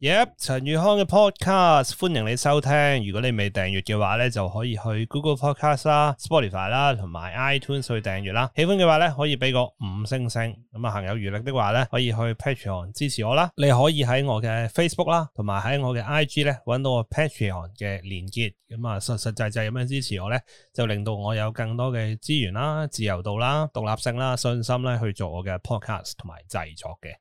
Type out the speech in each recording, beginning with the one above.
Yep，陳宇康嘅 podcast，歡迎你收聽。如果你未訂閱嘅話咧，就可以去 Google Podcast 啦、Spotify 啦，同埋 iTunes 去訂閱啦。喜歡嘅話咧，可以俾個五星星。咁啊，行有餘力的話咧，可以去 Patreon 支持我啦。你可以喺我嘅 Facebook 啦，同埋喺我嘅 IG 咧，揾到我 Patreon 嘅連結。咁啊，實實際際咁樣支持我咧，就令到我有更多嘅資源啦、自由度啦、獨立性啦、信心咧，去做我嘅 podcast 同埋製作嘅。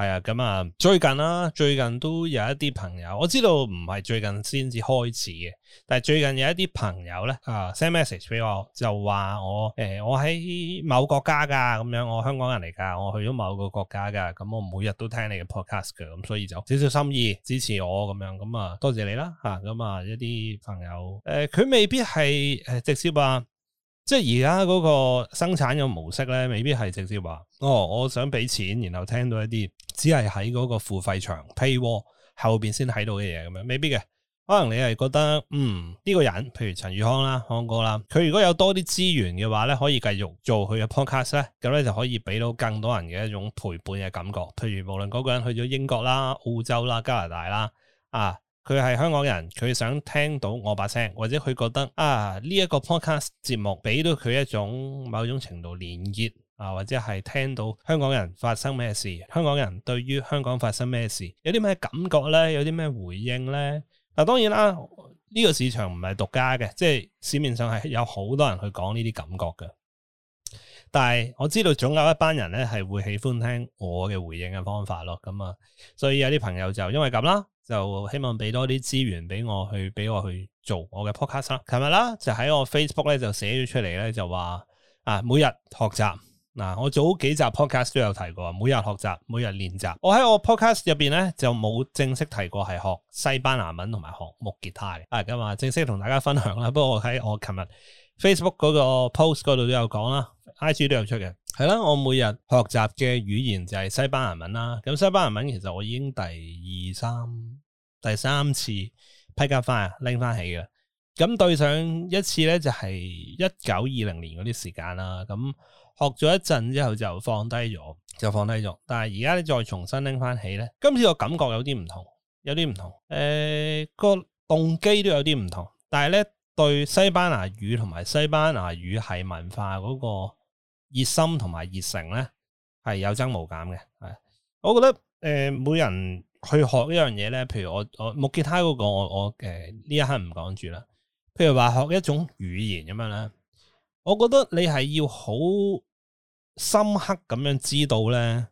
係啊，咁啊，最近啦、啊，最近都。都有一啲朋友，我知道唔係最近先至開始嘅，但係最近有一啲朋友咧啊，send message 俾我就話我誒、欸，我喺某國家噶，咁樣，我香港人嚟噶，我去咗某個國家噶，咁我，我，我每日都聽你嘅 podcast 嘅，咁所以就少少心意支持我咁樣，咁啊多謝你啦吓，咁啊一啲朋友誒，佢、呃、未必係誒直接話、啊，即係而家嗰個生產嘅模式咧，未必係直接話、啊、哦，我想俾錢，然後聽到一啲只係喺嗰個付費牆 paywall 後面先睇到嘅嘢，咁樣，未必嘅。可能你係覺得，嗯，呢個人，譬如陳宇康啦、康哥啦，佢如果有多啲資源嘅話咧，可以繼續做佢嘅 podcast 咧，咁咧就可以俾到更多人嘅一種陪伴嘅感覺。譬如無論嗰個人去咗英國啦、澳洲啦、加拿大啦，啊，佢係香港人，佢想聽到我把聲，或者佢覺得啊，呢一個 podcast 節目俾到佢一種某種程度連結。啊，或者係聽到香港人發生咩事，香港人對於香港發生咩事有啲咩感覺呢？有啲咩回應呢？嗱，當然啦，呢個市場唔係獨家嘅，即係市面上係有好多人去講呢啲感覺嘅。但係我知道總有一班人咧係會喜歡聽我嘅回應嘅方法咯。咁啊，所以有啲朋友就因為咁啦，就希望俾多啲資源俾我去，俾我去做我嘅 podcast 啦，琴日啦，就喺我 Facebook 咧就寫咗出嚟，咧就話啊，每日學習。嗱、啊，我早幾集 podcast 都有提過，每日學習，每日練習。我喺我 podcast 入邊咧就冇正式提過係學西班牙文同埋學木吉他嘅，咁啊、嗯！正式同大家分享啦。不過我喺我琴日 Facebook 嗰個 post 嗰度都有講啦，IG 都有出嘅，係啦。我每日學習嘅語言就係西班牙文啦。咁西班牙文其實我已經第二三第三次 pick up 翻，啊，拎翻起嘅。咁對上一次咧就係一九二零年嗰啲時間啦，咁。學咗一陣之後就放低咗，就放低咗。但係而家咧再重新拎翻起咧，今次個感覺有啲唔同，有啲唔同。誒、呃，嗰個動機都有啲唔同。但係咧對西班牙語同埋西班牙語系文化嗰個熱心同埋熱誠咧，係有增無減嘅。係，我覺得誒、呃，每人去學一樣嘢咧，譬如，我我木吉他嗰個我我誒呢、呃、一刻唔講住啦。譬如話學一種語言咁樣咧。我覺得你係要好深刻咁樣知道咧，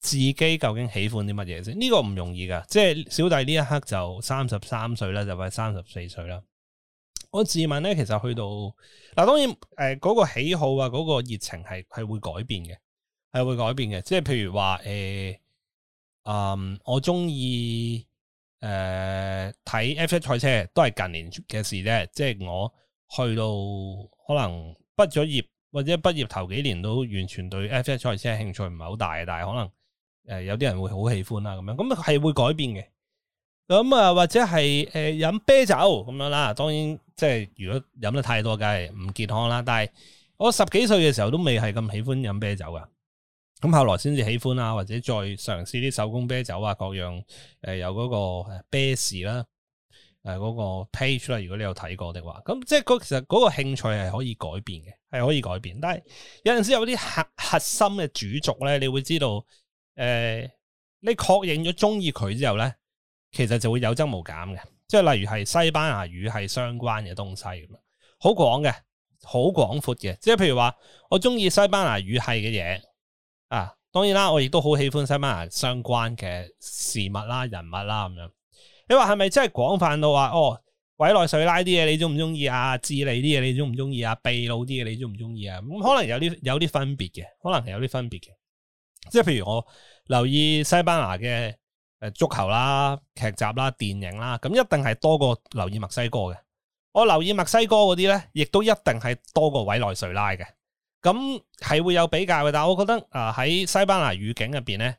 自己究竟喜歡啲乜嘢先？呢個唔容易噶，即係小弟呢一刻就三十三歲啦，就快三十四歲啦。我自問咧，其實去到嗱，當然誒，嗰個喜好啊，嗰個熱情係係會改變嘅，係會改變嘅。即係譬如話誒、呃，嗯，我中意誒睇 F1 賽車，都係近年嘅事啫。即係我去到可能。畢咗業或者畢業頭幾年都完全對 F1 賽車興趣唔係好大，但係可能誒有啲人會好喜歡啦咁樣，咁係會改變嘅。咁啊或者係誒飲啤酒咁樣啦，當然即係如果飲得太多梗係唔健康啦。但係我十幾歲嘅時候都未係咁喜歡飲啤酒噶，咁後來先至喜歡啦，或者再嘗試啲手工啤酒啊各樣誒、呃、有嗰個啤士啦。係嗰 page 啦，如果你有睇過的話，咁即係嗰其實嗰個興趣係可以改變嘅，係可以改變。但係有陣時有啲核核心嘅主軸咧，你會知道，誒、呃，你確認咗中意佢之後咧，其實就會有增無減嘅。即係例如係西班牙語系相關嘅東西咁咯，好廣嘅，好廣闊嘅。即係譬如話，我中意西班牙語系嘅嘢啊，當然啦，我亦都好喜歡西班牙相關嘅事物啦、人物啦咁樣。你話係咪真係廣泛到話哦？委內瑞拉啲嘢，你中唔中意啊？智利啲嘢，你中唔中意啊？秘魯啲嘢，你中唔中意啊？咁、嗯、可能有啲有啲分別嘅，可能係有啲分別嘅。即係譬如我留意西班牙嘅誒足球啦、劇集啦、電影啦，咁一定係多過留意墨西哥嘅。我留意墨西哥嗰啲咧，亦都一定係多過委內瑞拉嘅。咁係會有比較嘅，但係我覺得啊喺、呃、西班牙語境入邊咧。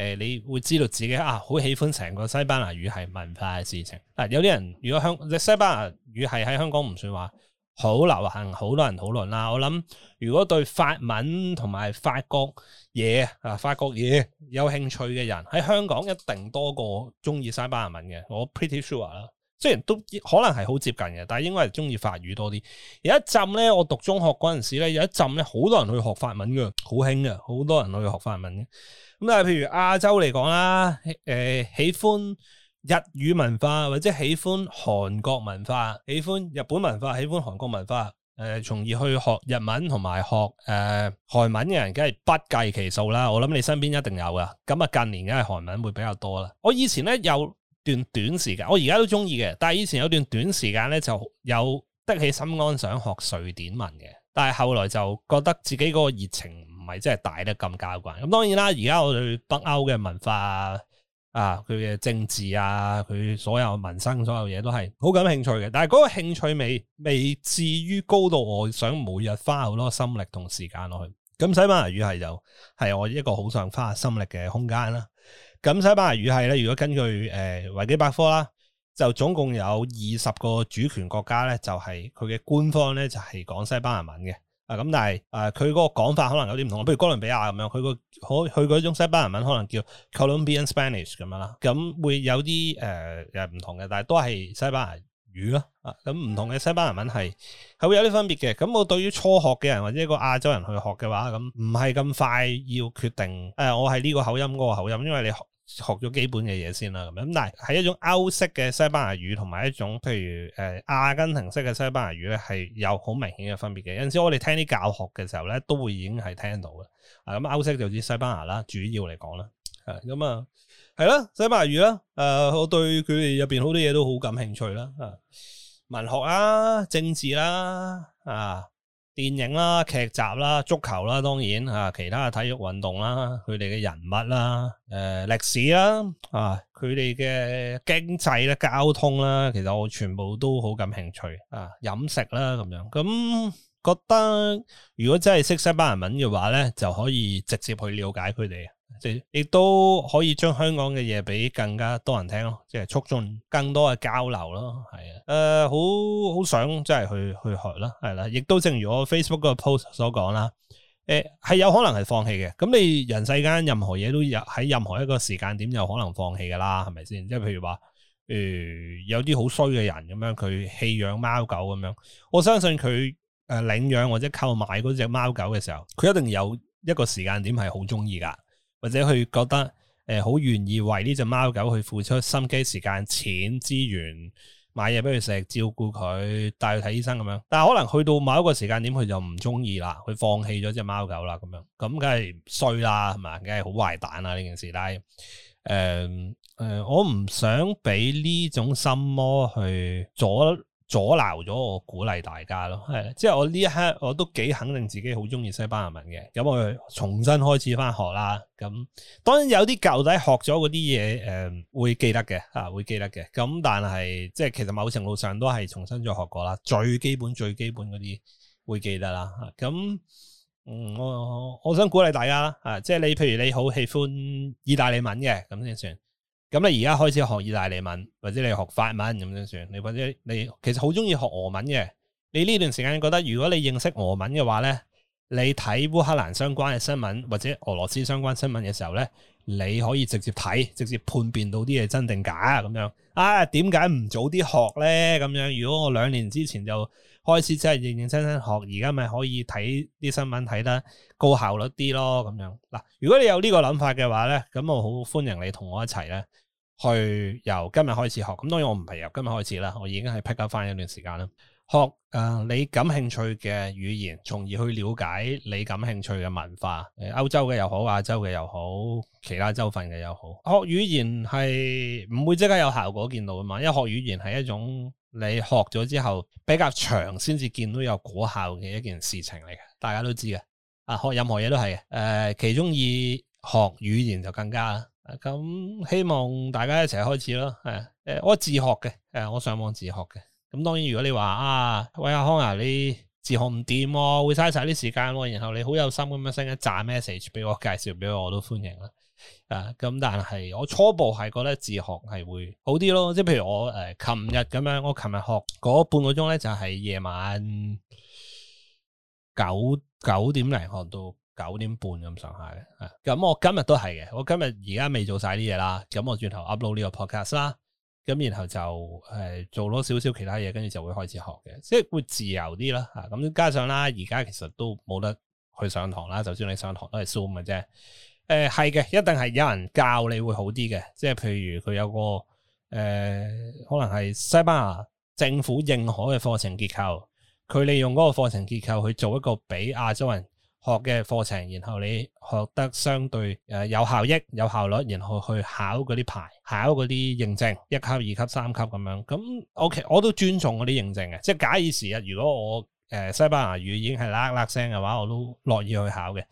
誒、呃，你會知道自己啊，好喜歡成個西班牙語系文化嘅事情。嗱、啊，有啲人如果香，西班牙語系喺香港唔算話好流行，好多人討論啦。我諗，如果對法文同埋法國嘢啊，法國嘢、啊、有興趣嘅人喺香港一定多過中意西班牙文嘅，我 pretty sure 啦。即係都可能係好接近嘅，但係應該係中意法語多啲。有一陣咧，我讀中學嗰陣時咧，有一陣咧，好多人去學法文嘅，好興嘅，好多人去學法文嘅。咁但係譬如亞洲嚟講啦，誒，喜歡日語文化或者喜歡韓國文化、喜歡日本文化、喜歡韓國文化，誒，從而去學日文同埋學誒韓文嘅人，梗係不計其數啦。我諗你身邊一定有噶。咁，啊近年梗係韓文會比較多啦。我以前咧有。段短時間，我而家都中意嘅，但係以前有段短時間呢，就有得起心肝想學瑞典文嘅，但係後來就覺得自己嗰個熱情唔係真係大得咁交關。咁、嗯、當然啦，而家我對北歐嘅文化啊，佢、啊、嘅政治啊，佢所有民生所有嘢都係好感興趣嘅，但係嗰個興趣未未至於高到我想每日花好多心力同時間落去。咁西班牙語系就係我一個好想花心力嘅空間啦。咁西班牙語系咧，如果根據誒、呃、維基百科啦，就總共有二十個主權國家咧，就係佢嘅官方咧就係、是、講西班牙文嘅。啊咁，但係啊佢嗰個講法可能有啲唔同，譬如哥倫比亞咁樣，佢個可佢嗰種西班牙文可能叫 Colombian Spanish 咁樣啦。咁、嗯、會有啲誒誒唔同嘅，但係都係西班牙語咯。咁、啊、唔、嗯、唔同嘅西班牙文係係會有啲分別嘅。咁、嗯、我對於初學嘅人或者一個亞洲人去學嘅話，咁唔係咁快要決定誒、呃、我係呢個口音嗰、那個口音，因為你。學咗基本嘅嘢先啦，咁咁但係係一種歐式嘅西班牙語，同埋一種譬如誒、呃、阿根廷式嘅西班牙語咧，係有好明顯嘅分別嘅。有陣時我哋聽啲教學嘅時候咧，都會已經係聽到嘅。啊，咁歐式就指西班牙啦，主要嚟講啦，係咁啊，係啦，西班牙語啦，誒、呃，我對佢哋入邊好多嘢都好感興趣啦，啊，文學啊、政治啦、啊，啊。電影啦、劇集啦、足球啦，當然吓其他嘅體育運動啦，佢哋嘅人物啦、誒、呃、歷史啦、啊，佢哋嘅經濟啦、交通啦，其實我全部都好感興趣啊！飲食啦咁樣，咁、嗯、覺得如果真係識西、西班牙文嘅話咧，就可以直接去了解佢哋，亦亦都可以將香港嘅嘢俾更加多人聽咯，即係促進更多嘅交流咯，係啊。誒，好好、呃、想即係去去學啦，係啦，亦都正如我 Facebook 個 post 所講啦，誒、呃，係有可能係放棄嘅。咁你人世間任何嘢，都有喺任何一個時間點，有可能放棄噶啦，係咪先？即係譬如話，誒、呃，有啲好衰嘅人咁樣，佢棄養貓狗咁樣，我相信佢誒領養或者購買嗰隻貓狗嘅時候，佢一定有一個時間點係好中意噶，或者佢覺得誒好願意為呢隻貓狗去付出心機、時間、錢、資源。買嘢俾佢食，照顧佢，帶佢睇醫生咁樣，但係可能去到某一個時間點，佢就唔中意啦，佢放棄咗隻貓狗啦，咁樣，咁梗係衰啦，係嘛，梗係好壞蛋啦呢件事，但係，誒、呃、誒、呃，我唔想俾呢種心魔去阻。阻撓咗我鼓勵大家咯，係，即係我呢一刻我都幾肯定自己好中意西班牙文嘅，咁我重新開始翻學啦。咁當然有啲舊仔學咗嗰啲嘢，誒、呃、會記得嘅，啊會記得嘅。咁、啊、但係即係其實某程度上都係重新再學過啦，最基本最基本嗰啲會記得啦。咁、啊啊、嗯，我我想鼓勵大家啊，即係你譬如你好喜歡意大利文嘅，咁先算。咁你而家開始學意大利文，或者你學法文咁點算？你或者你其實好鍾意學俄文嘅。你呢段時間覺得，如果你認識俄文嘅話呢，你睇烏克蘭相關嘅新聞，或者俄羅斯相關嘅新聞嘅時候呢。你可以直接睇，直接判辨到啲嘢真定假啊！咁樣啊，點解唔早啲學呢？咁樣，如果我兩年之前就開始真係認認真真學，而家咪可以睇啲新聞睇得高效率啲咯？咁樣嗱、啊，如果你有呢個諗法嘅話呢，咁我好歡迎你同我一齊咧，去由今日開始學。咁當然我唔係由今日開始啦，我已經係 pick up 翻一段時間啦。學誒，你感興趣嘅語言，從而去了解你感興趣嘅文化。誒，歐洲嘅又好，亞洲嘅又好，其他洲份嘅又好。學語言係唔會即刻有效果見到噶嘛。因為學語言係一種你學咗之後比較長先至見到有果效嘅一件事情嚟嘅，大家都知嘅。啊，學任何嘢都係嘅誒、呃，其中以學語言就更加。咁、啊嗯、希望大家一齊開始咯，係、啊、誒，我自學嘅，誒、啊，我上網自學嘅。咁當然，如果你話啊，喂阿康啊，你自學唔掂喎，會嘥晒啲時間喎，然後你好有心咁樣 send 一扎 message 俾我介紹畀我，我都歡迎啦。誒，咁但係我初步係覺得自學係會好啲咯，即係譬如我誒，琴日咁樣，我琴日學嗰半個鐘咧就係夜晚九九點零學到九點半咁上下嘅。咁、嗯、我今日都係嘅，我今日而家未做晒啲嘢啦，咁我轉頭 upload 呢個 podcast 啦。咁然後就誒、呃、做咗少少其他嘢，跟住就會開始學嘅，即係會自由啲啦。吓、啊、咁加上啦，而家其實都冇得去上堂啦。就算你上堂都係 Zoom 嘅啫。誒係嘅，一定係有人教你會好啲嘅。即係譬如佢有個誒、呃，可能係西班牙政府認可嘅課程結構，佢利用嗰個課程結構去做一個俾亞洲人。學嘅課程，然後你學得相對誒、呃、有效益、有效率，然後去考嗰啲牌、考嗰啲認證，一級、二級、三級咁樣。咁我其實我都尊重嗰啲認證嘅，即係假以時日，如果我誒、呃、西班牙語已經係啦啦聲嘅話，我都樂意去考嘅。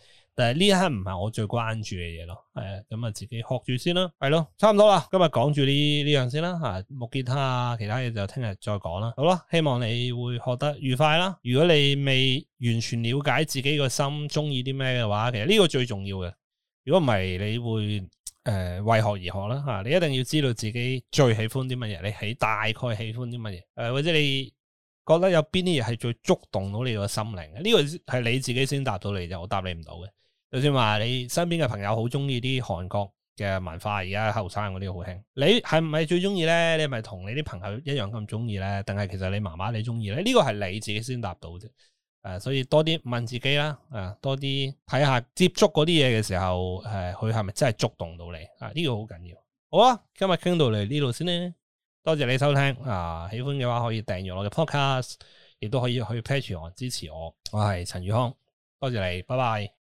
但係呢一刻唔係我最關注嘅嘢咯，係啊，咁啊自己學住先啦，係咯，差唔多啦，今日講住呢呢樣先啦，嚇木吉他啊，其他嘢就聽日再講啦，好啦，希望你會學得愉快啦。如果你未完全了解自己個心中意啲咩嘅話，其實呢個最重要嘅。如果唔係，你會誒、呃、為學而學啦，嚇、啊、你一定要知道自己最喜歡啲乜嘢，你喜大概喜歡啲乜嘢，誒、呃、或者你覺得有邊啲嘢係最觸動到你個心靈嘅，呢、這個係你自己先答到你就我答你唔到嘅。就算話你身邊嘅朋友好中意啲韓國嘅文化，而家後生嗰啲好興，你係唔係最中意咧？你係咪同你啲朋友一樣咁中意咧？定係其實你媽媽你中意咧？呢、這個係你自己先答到啫。誒、呃，所以多啲問自己啦。誒、呃，多啲睇下接觸嗰啲嘢嘅時候，誒、呃，佢係咪真係觸動到你？啊、呃，呢、這個好緊要。好啊，今日傾到嚟呢度先啦。多謝你收聽。啊，喜歡嘅話可以訂閱我嘅 podcast，亦都可以去 patreon 支持我。我係陳宇康，多謝你，拜拜。